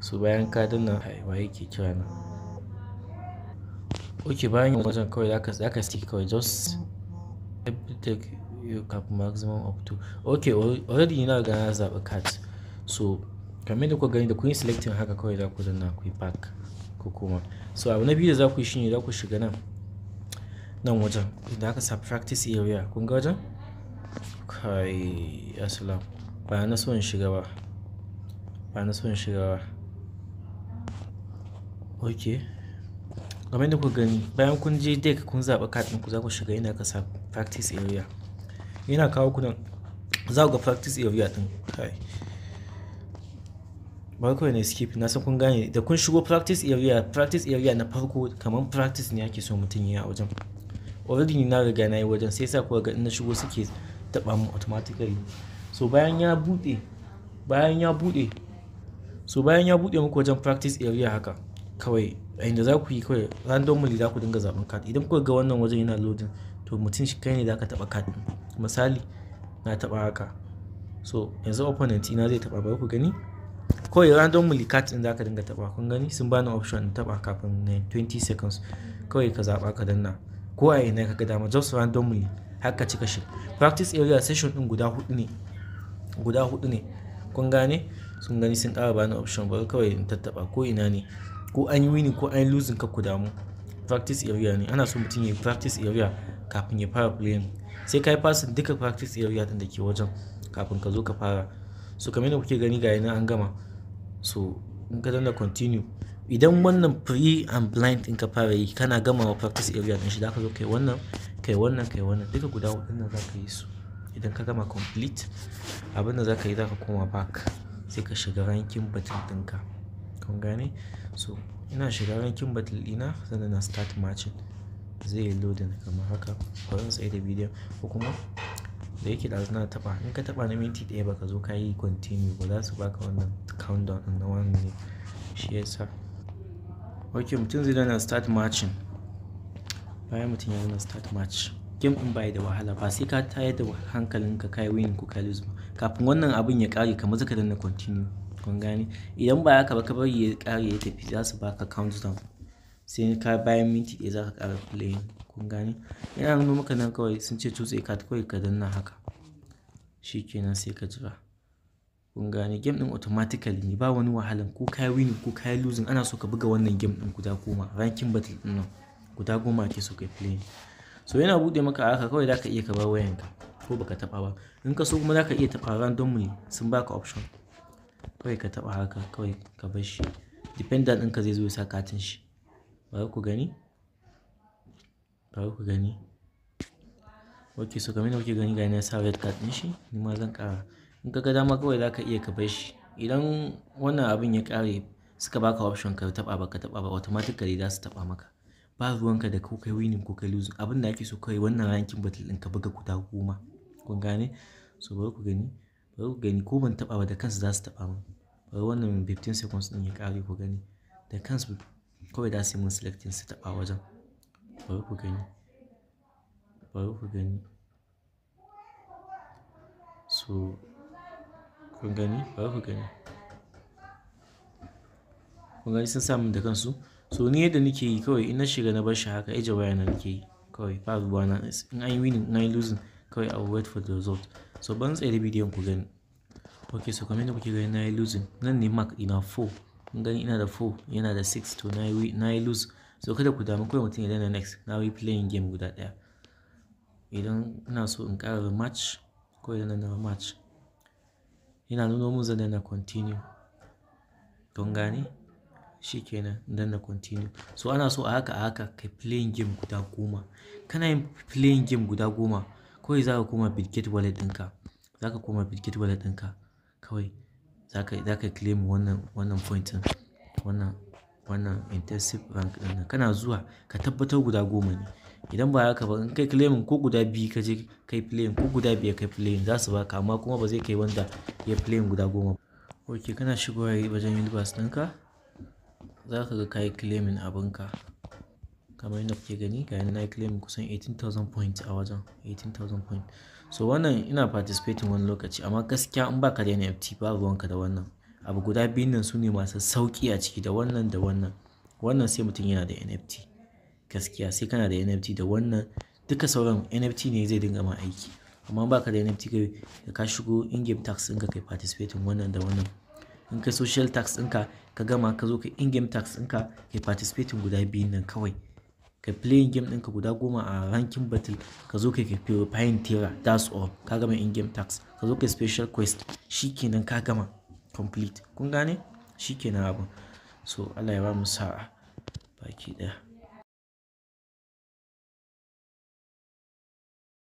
su bayan ka danna waye ke kira na ok bayan yin wajen kawai zaka zaka stick kawai just take you cap maximum up to ok already na ga na zaɓi cat so kamar da ku gani da kun yi selecting haka kawai za ku danna ku yi pack ko kuma so abu na biyu da za ku shi ne za ku shiga nan nan wajen da aka sa practice area kun ga wajen kai assalam ba na so in shiga ba ba na so in shiga ba Ok. Game da ku gani, bayan kun je deck kun zaɓi card ɗinku za ku shiga yana kasa practice area. Yana kawo ku nan za ku ga practice area ɗin. Kai. Ba kawai ne skip na san kun gane da kun shigo practice area practice area na farko kamar practice ne ake so mutum ya wajen. Already na riga na yi wajen sai sa kuwa ga na shigo suke taɓa mu automatically. So bayan ya buɗe bayan ya buɗe so bayan ya buɗe muku wajen practice area haka kawai a inda za ku yi kawai randomly za ku dinga zaɓen card idan kuka ga wannan wajen yana loading to mutum shi kai ne za ka taɓa card misali na taɓa haka so yanzu opponent ina zai taɓa bari ku gani kawai randomly card ɗin za ka dinga taɓa kun gani sun bani option in taɓa kafin 20 seconds kawai ka zaɓa ka danna ko a ina ka ga dama just randomly haka cika shi practice area session ɗin guda hudu ne guda hudu ne kun gane sun gani sun ƙara bani option ba kawai in tattaɓa ko ina ne ko an yi winning ko an yi losing ku damu practice area ne ana so mutum ya yi practice area kafin ya fara playing sai ka yi passing duka practice area din da ke wajen kafin ka zo ka fara so kamar yadda kuke gani ga yana an gama so in ka danna continue idan wannan free and blind in ka fara yi kana gama wa practice area din shi da ka zo kai wannan kai wannan kai wannan duka guda hudu nan za ka yi su idan ka gama complete abin da za ka yi za ka koma back sai ka shiga rankin batun ɗinka kun gane so ina shiga rankin battle dina sannan na start matching zai yi loading kamar haka kwarin tsaye da bidiyon ko kuma da yake da na taba in ka taba na minti ba baka zo ka yi continue ba za su baka wannan countdown na wani ne shi yasa ok mutum zai na start matching bayan mutum ya na start match game in bai da wahala ba sai ka tayar da hankalinka kai win ko kai lose ba kafin wannan abin ya kare kamar zaka danna continue kun gani idan ba haka ba ka bari ya ƙare ya tafi za su baka countdown sai ka bayan minti ɗaya za ka ƙara playing kun gani yana nuna maka nan kawai sun ce tutse ka kawai ka danna haka kenan sai ka jira kun gani game din automatically ne ba wani wahalan ko kai winning ko kai losing ana so ka buga wannan game din guda goma ranking battle din nan guda goma ke so kai playing so yana bude maka haka kawai za ka iya ka bar wayanka ko baka taba ba in ka so kuma za ka iya taba randomly sun baka option kawai ka taɓa haka kawai ka bar shi defender ɗinka zai zo ya sa katin shi ba ku gani ba ku gani ok so kamar da kuke gani ga ya sa red card ɗin shi ni ma zan ƙara in ka ga dama kawai za ka iya ka bar shi idan wannan abin ya ƙare suka baka option ka taɓa ba ka taɓa ba automatically za su taɓa maka ba ruwanka da ko kai winning ko kai losing abin da ake so kawai wannan ranking battle ɗin ka buga guda goma kun gane so bari ku gani bari ku gani ko ban taɓa ba da kansu za su taɓa min bari wannan 15 seconds din ya kare ku gani da kansu kawai za su yi selecting su taba wajen bari ku gani bari ku gani so kun gani bari ku gani kun gani sun samu da kansu so ni yadda nake yi kawai in na shiga na bar shi haka ije waya na nake yi kawai ba ruwa na in an yi winning in an losing kawai i will wait for the result so ban tsere bidiyon ku gani ok so kamar yadda kuke gani na yi losing nan ne mark ina 4 kun gani ina da 4 yana da 6 to na yi lose so kada ku damu kawai mutum ya dana next na yi playing game guda daya idan ina so in ƙara match ko idan na match yana nuno mun zan na continue kun gane shikenan dan na continue so ana so a haka a haka kai playing game guda goma kana yin playing game guda goma kawai za ka koma Bitget wallet ɗinka za ka koma Bitget wallet ɗinka kawai za ka claim wannan point wannan intensive bank ɗin kana zuwa ka tabbatar guda goma ne idan ba haka ba in kai claim ko guda biyu ka je kai claim ko guda biyar kai claim za su baka amma kuma ba zai kai wanda ya claim guda goma ba ok kana shigowa wajen universe ɗinka za ka ga kayi claiming abinka kamar yadda kuke gani ga yana na claim kusan 18,000 points a wajen 18,000 points so wannan ina participating wani lokaci amma gaskiya in baka da NFT babu wanka da wannan abu guda biyun nan su ne masu sauki a ciki da wannan da wannan wannan sai mutum yana da NFT gaskiya sai kana da NFT da wannan duka sauran NFT ne zai dinga ma aiki amma baka da NFT kai ka shigo in game tax ɗinka kai participating wannan da wannan in kai social tax ɗinka ka gama ka zo ka in game tax ɗinka kai participating guda biyun nan kawai play playing game ɗinka guda goma a ranking battle ka zo kai kai purifying tera that's all ka gama in game tax ka zo kai special quest shikenan ka gama complete kun gane shikenan abin so Allah ya ba mu sa'a baki ɗaya